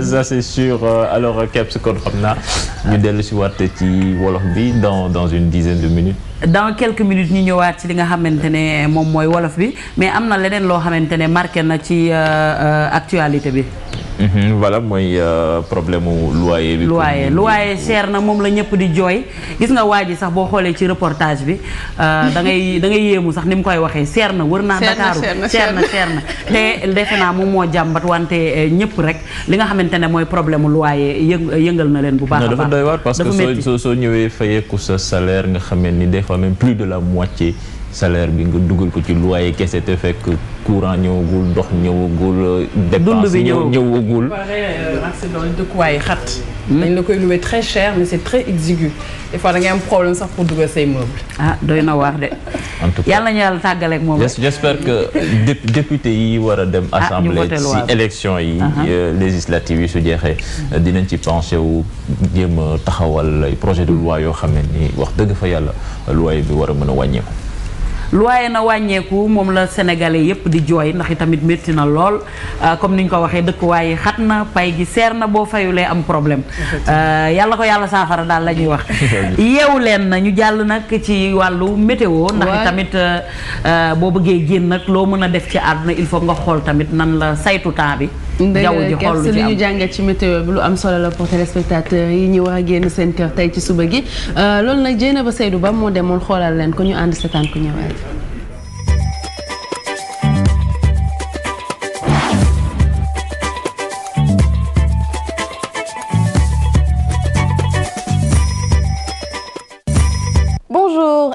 ça c'est sûr euh, alors Kebs euh, kon xam naa ñu dellu si ci wolof bi dans dans une dizaine de minutes. dans quelques minutes ñu ñëwaat ci li nga xamante ne moom mooy wolof bi mais am na leneen loo xamante ne marqué na ci euh, actualité bi. Mhm, voilà mooy euh, problème mu loyer bi. loyer loyer cher na moom la ñëpp di jooy gis nga waa ji sax boo xoolee ci reportage bi euh, da dangay da ngay yéemu sax ni mu koy waxee cher na wër naa. Dakaaru cher na cher na te defe naa moom moo jàmbat wante euh, ñëpp rek li nga xamante ne mooy problème mu loyer yëngal na leen bu baax a baax. dafa doy waar parce que soo soo ñëwee fayeeku sa salaire nga xam ni des fois même plus de la moitié. salaire bi nga dugal ko ci loyer kese te fekk courant ñëwagul ndox ñëwagul. dund bi ñëwagul dépense ñëwagul. accident dëkkuwaay xat. Hmm. dañ la koy louer très cher mais c'est très exigu des fois da ngay am problème sax pour dugal say meubles. Ah, doy na waar de. en tout cas yàlla ñu yàlla tàggaleeg moom. j'espère que député yi war a dem. Ah, assemblée si élection yi. Uh-huh. Euh, législative yi su jeexee. Hmm. dinañ ci penché wu jéem a taxawal projet de loi yoo xam ne nii wax dëgg fa yàlla loi bi war mën a wàññeeku. waaye na wàññeeku moom la sénégalais yépp di jooy ndax tamit métti na lool euh, comme ni ñu ko waxee dëkk waaye xat na pay gi seer na boo fayulee am problème euh, yàlla ko yàlla saafara daal la ñuy wax yeewu leen na ñu jàll nag ci wàllu météo ndax tamit euh, boo bëggee génn nag loo mën a def ci àdduna il faut nga xool tamit nan la saytu temps bi jaww ji xool lu ci am ñu jàngat ci météo bi lu am solo la pour téléspectateurs yi ñu war a génn seen kër tey ci suba gi euh, loolu nag jéena ba Seydou Ba moo demoon xoolal leen ko ñu ànd setaan ku ñëwaat.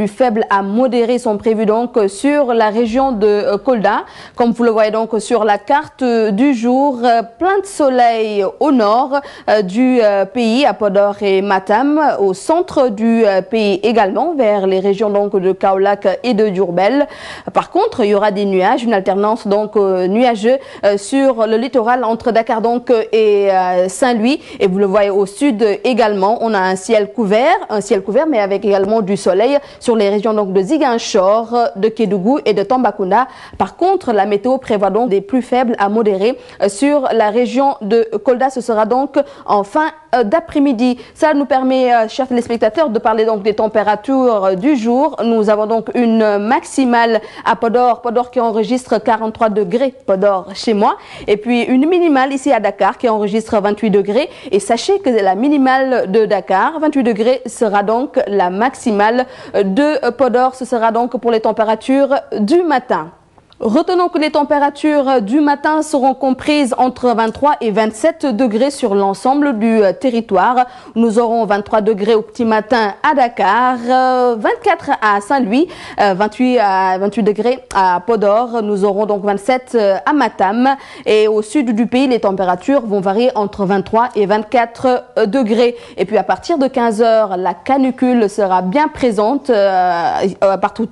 plus faibles à modérés sont prévus donc sur la région de euh, Kolda. Comme vous le voyez donc sur la carte euh, du jour, euh, plein de soleil au nord du pays, à Podor et Matam, au centre du pays également, vers les régions donc de Kaolack et de Diourbel. Par contre, il y aura des nuages, une alternance donc nuageux sur le littoral entre Dakar donc et Saint-Louis. Et vous le voyez au sud également, on a un un ciel couvert mais avec également du soleil. sur les régions de Ziguinchor, de Kédougou et de Tambacounda. la météo prévoit donc des plus à modérés euh, la région de Kolda. Ce sera donc en fin euh, d'après-midi. Ça nous permet, euh, chers téléspectateurs, de parler donc des températures du jour. Nous avons une maximale à Podor, Podor qui enregistre moi, et puis une minimale ici à Dakar la minimale de Dakar, de euh, Podor. Ce sera donc pour les températures du matin. Retenons que les températures du matin seront comprises entre 23 et 27 degrés sur l'ensemble du euh, territoire. Nous aurons 23 degrés au petit matin à Dakar, 24 euh, à Saint-Louis, 28 euh, à 28 degrés à Podor. Nous donc 27 à Matam et au sud du pays, les températures vont varier entre 23 et 24 degrés. Et puis à de 15 heures, la canicule sera bien présente partout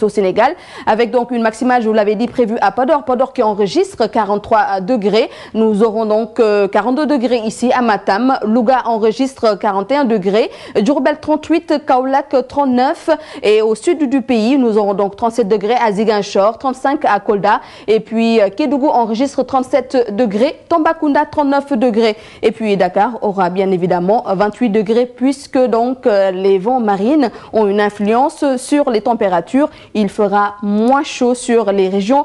à Podor. Podor qui enregistre 43 degrés. Nous aurons donc 42 euh, degrés ici à Matam. Louga enregistre 41 degrés. Djurbel 38, Kaolac 39. Et au sud du pays, nous aurons donc 37 degrés à Ziguinchor, 35 à Kolda. Et puis euh, Kédougou enregistre 37 degrés. Tambacounda 39 degrés. Et puis Dakar aura bien évidemment 28 degrés puisque donc euh, les vents marines ont une influence sur les températures. Il fera moins chaud sur les régions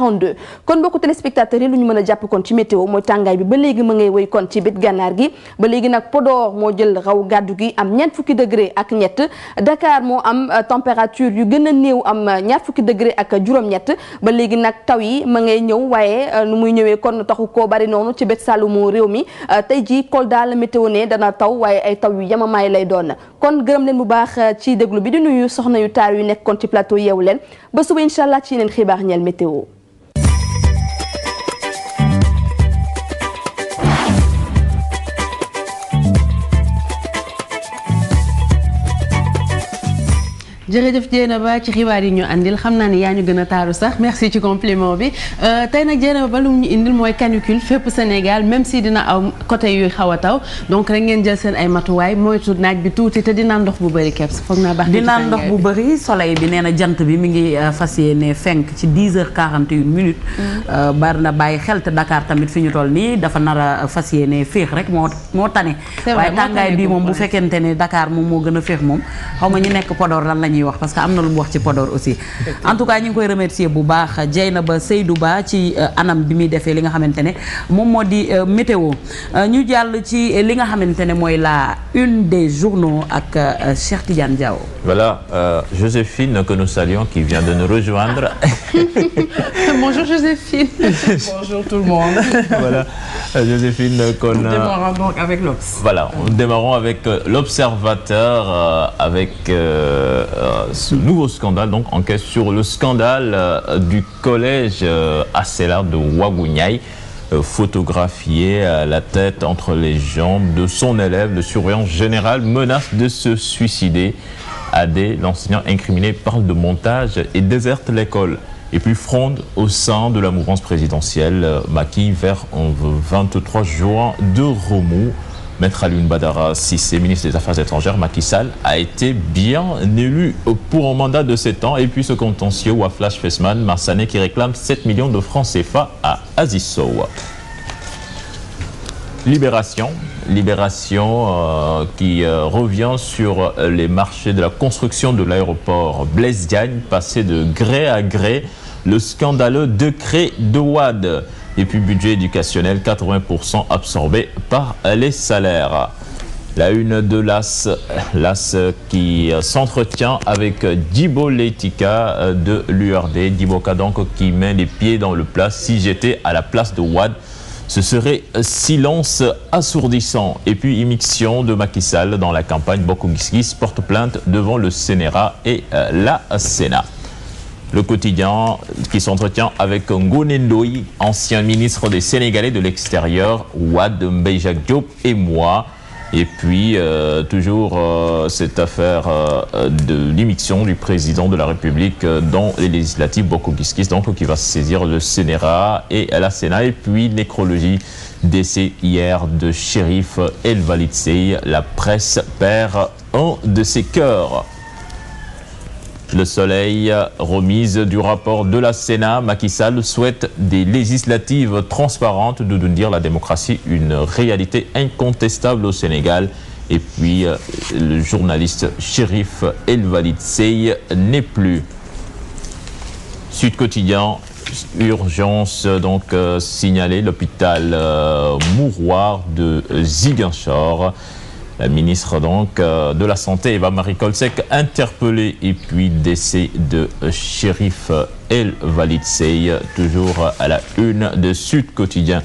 42 kon mbokku téléspectateurs yi lu ñu mën a jàpp kon ci météo mooy tàngaay bi ba léegi ma ngay wéy kon ci bit gànnaar gi ba léegi nag Podor moo jël raw gàddu gi am ñeent fukki degré ak ñett Dakar moo am euh, température yu gën a néew am euh, ñaar fukki degré ak juróom-ñett ba léegi nag taw yi ma ngay ñëw waaye euh, nu muy ñëwee kon taxu koo bari noonu ci bët sàllumu réew mi tey jii Kolda la météo ne dana taw waaye ay taw yu yamamaay lay doon na kon gërëm leen bu baax ci déglu bi di nuyu soxna yu taar yu nekkoon ci plateau yeewu leen ba suba incha allah ci xibaar ñeel météo jërëjëf ba ci xibaar yi ñu indil xam naa ni yaa ñu gën a taaru sax merci ci compliment bi euh, tey nag Dieynaba ba lu ñu indil mooy canicule fépp Sénégal même si dina aw côté yuy xaw a taw donc rek ngeen jël seen ay matuwaay moytu naaj bi tuuti te dinaan ndox bu bëri keps foog naa baax dinaa ndox bu bëri soleil bi nee na jant bi mi ngi euh, fas ne fenk ci 10 heures 41 minutes mm. euh, bari na bàyyi xel te Dakar tamit fi ñu toll nii dafa nar a fas yéene féex rek moo moo tane waaye tàngaay bi moom bu fekkente ne Dakar moom moo gën a féex moom xaw ñu nekk Podor lan lañu ñuy wax parce que am na lu mu wax ci Podor aussi en tout cas ñu ngi koy remercier bu baax Dieynaba Seydou Ba ci euh, anam bi muy defee li nga xamante ne moom moo di euh, météo euh, ñu jàll ci li nga xamante ne mooy la une des journaux ak Cheikh Tidiane Diaw voilà euh, Joséphine que nous saluons qui vient de nous rejoindre bonjour Joséphine bonjour nous démarrons avec l'Observateur avec ce nouveau scandale donc enquête sur le scandale euh, du collège Asselar euh, de Waguñaay euh, photographié à la tête entre les jambes de son élève le général menace de se suicider Adé l'enseignant incriminé parle de montage et déserte l'école et puis au sein de la mouvance présidentielle Macky vers 23 juin de remous Maître Alioune Badara Cissé, ministre des Affaires étrangères, Macky Sall, a été bien élu pour un mandat de 7 ans. Et puis ce contentieux Waflash Fesman Marsané qui réclame millions de francs CFA à Aziz Libération, euh, qui euh, revient sur euh, les marchés de la construction de l'aéroport Blaise Diagne, passé de gré à gré le scandaleux décret de Et puis budget éducationnel 80% absorbé par les salaires. La une de l'AS, l'AS qui s'entretient avec Dibo Letika de l'URD. Diboka donc qui met les pieds dans le plat. Si à la place de Wad, ce serait silence assourdissant. Et puis immixtion campagne. Bokogiskis porte plainte devant le Sénéra euh, Le quotidien qui s'entretient avec Ngoné Ndoye, ancien ministre des Sénégalais de l'Extérieur, Wade Mbeijak Diop et moi. Et puis, euh, toujours euh, cette affaire euh, de l'immixtion du président de la République euh, dans les législatives, Boko Kiskis, donc qui va saisir le Sénéra et la Sénat. Et puis, nécrologie décès hier de shérif El Valitsei. La presse perd un de ses cœurs. Le soleil, remise du rapport de la Sénat, Macky Sall souhaite des législatives transparentes, de dire la démocratie une réalité incontestable au Sénégal. Et puis, euh, le journaliste shérif Elvalid Sey n'est plus. Sud Quotidien, urgence donc euh, signalée, l'hôpital euh, mouroir de Ziguinchor. La ministre donc euh, de la Santé, Eva Marie Kolsek, interpellée et puis décès de shérif El Valitsei, toujours à la une de Sud Quotidien.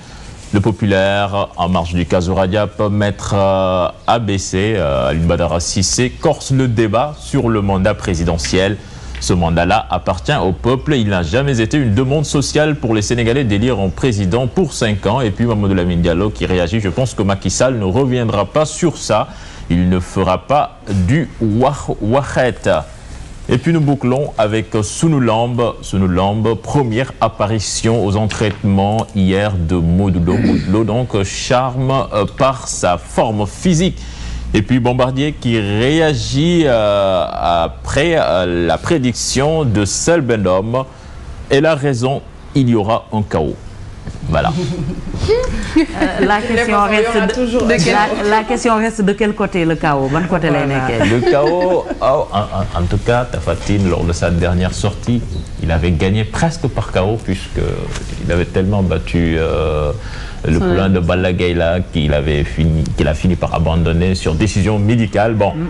Le populaire, en marge du Kazuradiap, maître euh, ABC, euh, Aline Badara Sissé, corse le débat sur le mandat présidentiel. Ce mandat-là appartient au peuple. Il n'a jamais été une demande sociale pour les Sénégalais d'élire en président pour 5 ans. Et puis Mamadou Lamine Diallo qui réagit. Je pense que Macky Sall ne reviendra pas sur ça. Il ne fera pas du wachet. Et puis nous bouclons avec Sunulamb. Sunulamb, première apparition aux entraînements hier de Modulo. Modulo donc charme par sa forme physique. Et puis Bombardier qui réagit euh, après euh, la prédiction de Saul Benhomme. Elle a raison, il y aura un chaos. Voilà. Euh, la, question reste de, de, de la, la, question reste de quel côté le chaos Bon côté voilà. lay Le chaos, oh, en, en, en, tout cas, Tafatine, lors de sa dernière sortie, il avait gagné presque par chaos puisqu'il avait tellement battu... Euh, le plan de Balla Gaye là qu'il avait fini qu'il a fini par abandonner sur décision médicale bon mm.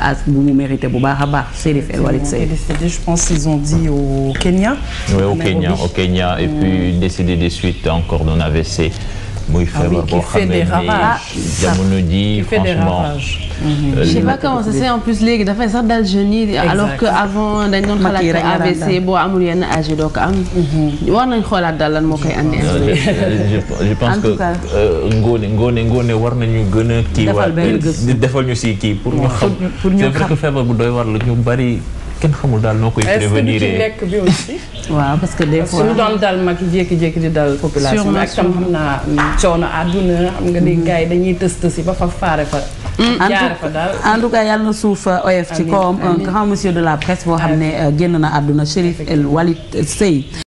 as euh, bu mu mérité bu baax a baax Chérif El Walid Seye je pense qu'ils ont dit au Kenya oui au Kenya au Kenya et puis mm. décédé de suite en cordon AVC muy ah feebar boo xam ne jamono ji franchement. Mhm. Euh, je sais pas comment ça léegi dafay sax dal jeunes yi. alors que avant dañ doon boo amul yenn âge yi mhm. war nañ xoolaat daal lan moo koy andi. je pense que euh, ngoone ngoone ngoone war nañu gën a. kii defal ñu si kii pour ñu xam. pour ñu xam feebar bu doy war la ñu bari. kenn xamul daal noo koy. prévenir est-ce que lekk bi aussi. waaw parce que des fois suñu doon dal mag jékki-jékki di dal. population bi ak tam xam naa mm, coono àdduna xam nga ni mm-hmm. gars yi dañuy tës tësi ba fa faare fa. Mm, jaare fa daal en yàlla na suuf euh, oyof ci kawam un grand monsieur de la presse boo xam ne euh, génn na àdduna Chérif El Walid